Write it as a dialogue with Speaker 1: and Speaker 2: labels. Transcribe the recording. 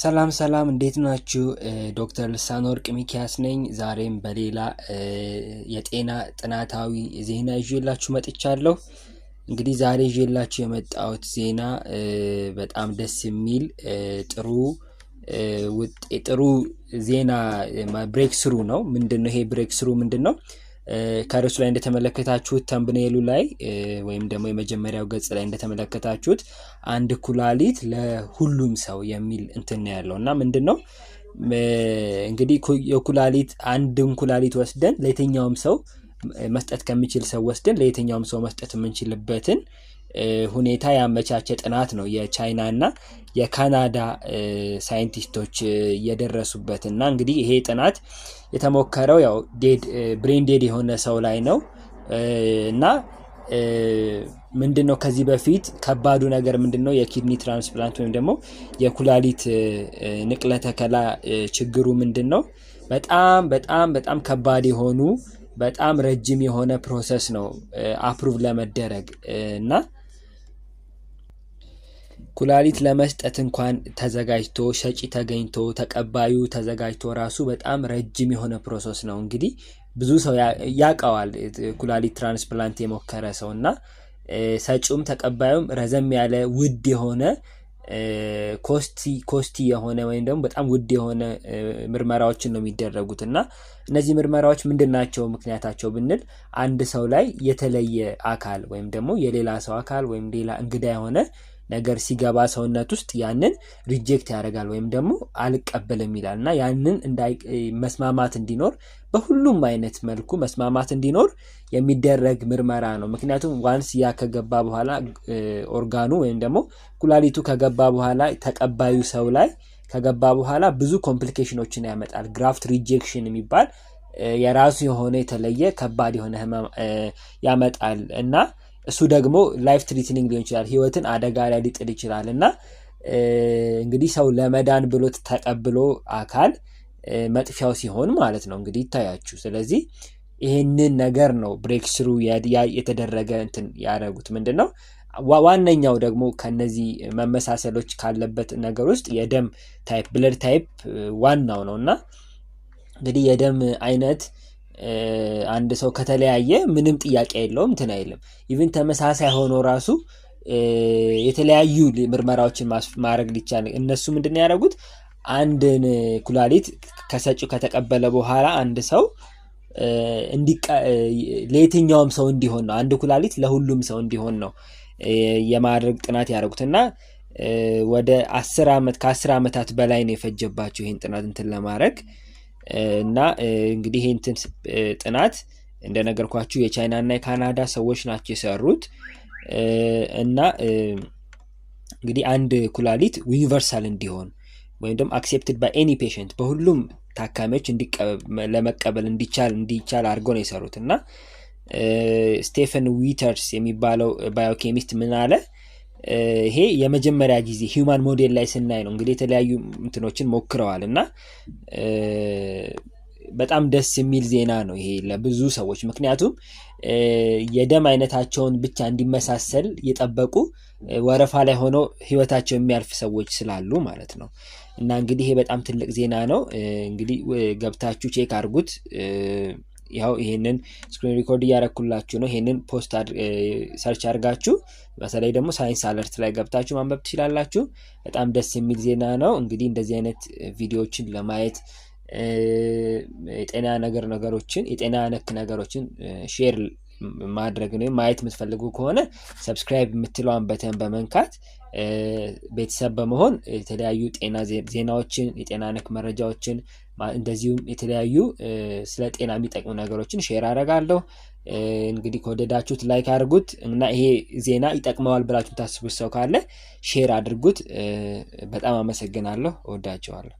Speaker 1: ሰላም ሰላም፣ እንዴት ናችሁ? ዶክተር ልሳን ወርቅ ሚኪያስ ነኝ። ዛሬም በሌላ የጤና ጥናታዊ ዜና ይዤላችሁ መጥቻለሁ። እንግዲህ ዛሬ ይዤላችሁ የመጣሁት ዜና በጣም ደስ የሚል ጥሩ ጥሩ ዜና ብሬክ ስሩ ነው። ምንድን ነው ይሄ ብሬክ ስሩ ምንድን ነው? ከርሱ ላይ እንደተመለከታችሁት ተምብኔሉ ላይ ወይም ደግሞ የመጀመሪያው ገጽ ላይ እንደተመለከታችሁት አንድ ኩላሊት ለሁሉም ሰው የሚል እንትን ያለው እና ምንድን ነው እንግዲህ የኩላሊት አንድን ኩላሊት ወስደን ለየትኛውም ሰው መስጠት ከሚችል ሰው ወስደን ለየትኛውም ሰው መስጠት የምንችልበትን ሁኔታ ያመቻቸ ጥናት ነው የቻይና እና የካናዳ ሳይንቲስቶች እየደረሱበት እና እንግዲህ ይሄ ጥናት የተሞከረው ያው ብሬን ዴድ የሆነ ሰው ላይ ነው እና ምንድን ነው ከዚህ በፊት ከባዱ ነገር ምንድን ነው የኪድኒ ትራንስፕላንት ወይም ደግሞ የኩላሊት ንቅለ ተከላ ችግሩ ምንድን ነው? በጣም በጣም በጣም ከባድ የሆኑ በጣም ረጅም የሆነ ፕሮሰስ ነው አፕሩቭ ለመደረግ እና ኩላሊት ለመስጠት እንኳን ተዘጋጅቶ ሸጪ ተገኝቶ ተቀባዩ ተዘጋጅቶ ራሱ በጣም ረጅም የሆነ ፕሮሰስ ነው። እንግዲህ ብዙ ሰው ያውቀዋል ኩላሊት ትራንስፕላንት የሞከረ ሰው እና ሰጪውም ተቀባዩም ረዘም ያለ ውድ የሆነ ኮስቲ የሆነ ወይም ደግሞ በጣም ውድ የሆነ ምርመራዎችን ነው የሚደረጉት እና እነዚህ ምርመራዎች ምንድን ናቸው? ምክንያታቸው ብንል አንድ ሰው ላይ የተለየ አካል ወይም ደግሞ የሌላ ሰው አካል ወይም ሌላ እንግዳ የሆነ ነገር ሲገባ ሰውነት ውስጥ ያንን ሪጀክት ያደርጋል ወይም ደግሞ አልቀበልም ይላል እና ያንን መስማማት እንዲኖር በሁሉም አይነት መልኩ መስማማት እንዲኖር የሚደረግ ምርመራ ነው። ምክንያቱም ዋንስ ያ ከገባ በኋላ ኦርጋኑ ወይም ደግሞ ኩላሊቱ ከገባ በኋላ ተቀባዩ ሰው ላይ ከገባ በኋላ ብዙ ኮምፕሊኬሽኖችን ያመጣል። ግራፍት ሪጀክሽን የሚባል የራሱ የሆነ የተለየ ከባድ የሆነ ህመም ያመጣል እና እሱ ደግሞ ላይፍ ትሪትኒንግ ሊሆን ይችላል፣ ህይወትን አደጋ ላይ ሊጥል ይችላል እና እንግዲህ ሰው ለመዳን ብሎ ተቀብሎ አካል መጥፊያው ሲሆን ማለት ነው እንግዲህ ይታያችሁ። ስለዚህ ይህንን ነገር ነው ብሬክ ስሩ የተደረገ እንትን ያደረጉት ምንድን ነው። ዋነኛው ደግሞ ከነዚህ መመሳሰሎች ካለበት ነገር ውስጥ የደም ታይፕ ብለድ ታይፕ ዋናው ነው እና እንግዲህ የደም አይነት አንድ ሰው ከተለያየ ምንም ጥያቄ የለውም እንትን አይልም። ኢቭን ተመሳሳይ ሆኖ ራሱ የተለያዩ ምርመራዎችን ማድረግ ሊቻል እነሱ ምንድን ነው ያደረጉት? አንድን ኩላሊት ከሰጪው ከተቀበለ በኋላ አንድ ሰው ለየትኛውም ሰው እንዲሆን ነው አንድ ኩላሊት ለሁሉም ሰው እንዲሆን ነው የማድረግ ጥናት ያደረጉት እና ወደ አስር ዓመት ከአስር ዓመታት በላይ ነው የፈጀባቸው ይህን ጥናት እንትን ለማድረግ እና እንግዲህ ይህንትን ጥናት እንደነገርኳችሁ የቻይና እና የካናዳ ሰዎች ናቸው የሰሩት እና እንግዲህ አንድ ኩላሊት ዩኒቨርሳል እንዲሆን ወይም ደግሞ አክሴፕትድ ባይ ኤኒ ፔሽንት በሁሉም ታካሚዎች ለመቀበል እንዲቻል እንዲቻል አድርጎ ነው የሰሩት እና ስቴፈን ዊተርስ የሚባለው ባዮኬሚስት ምን አለ ይሄ የመጀመሪያ ጊዜ ሂማን ሞዴል ላይ ስናይ ነው እንግዲህ የተለያዩ እንትኖችን ሞክረዋል እና በጣም ደስ የሚል ዜና ነው ይሄ ለብዙ ሰዎች። ምክንያቱም የደም አይነታቸውን ብቻ እንዲመሳሰል የጠበቁ ወረፋ ላይ ሆነው ህይወታቸው የሚያልፍ ሰዎች ስላሉ ማለት ነው። እና እንግዲህ ይሄ በጣም ትልቅ ዜና ነው። እንግዲህ ገብታችሁ ቼክ አድርጉት። ያው ይሄንን ስክሪን ሪኮርድ እያረኩላችሁ ነው። ይሄንን ፖስት ሰርች አድርጋችሁ በተለይ ደግሞ ሳይንስ አለርት ላይ ገብታችሁ ማንበብ ትችላላችሁ። በጣም ደስ የሚል ዜና ነው። እንግዲህ እንደዚህ አይነት ቪዲዮዎችን ለማየት የጤና ነገር ነገሮችን የጤና ነክ ነገሮችን ሼር ማድረግ ወይም ማየት የምትፈልጉ ከሆነ ሰብስክራይብ የምትለዋን በተን በመንካት ቤተሰብ በመሆን የተለያዩ ጤና ዜናዎችን የጤና ነክ መረጃዎችን እንደዚሁም የተለያዩ ስለ ጤና የሚጠቅሙ ነገሮችን ሼር አደርጋለሁ። እንግዲህ ከወደዳችሁት ላይክ አድርጉት እና ይሄ ዜና ይጠቅመዋል ብላችሁ ታስቡት ሰው ካለ ሼር አድርጉት። በጣም አመሰግናለሁ። እወዳችኋለሁ።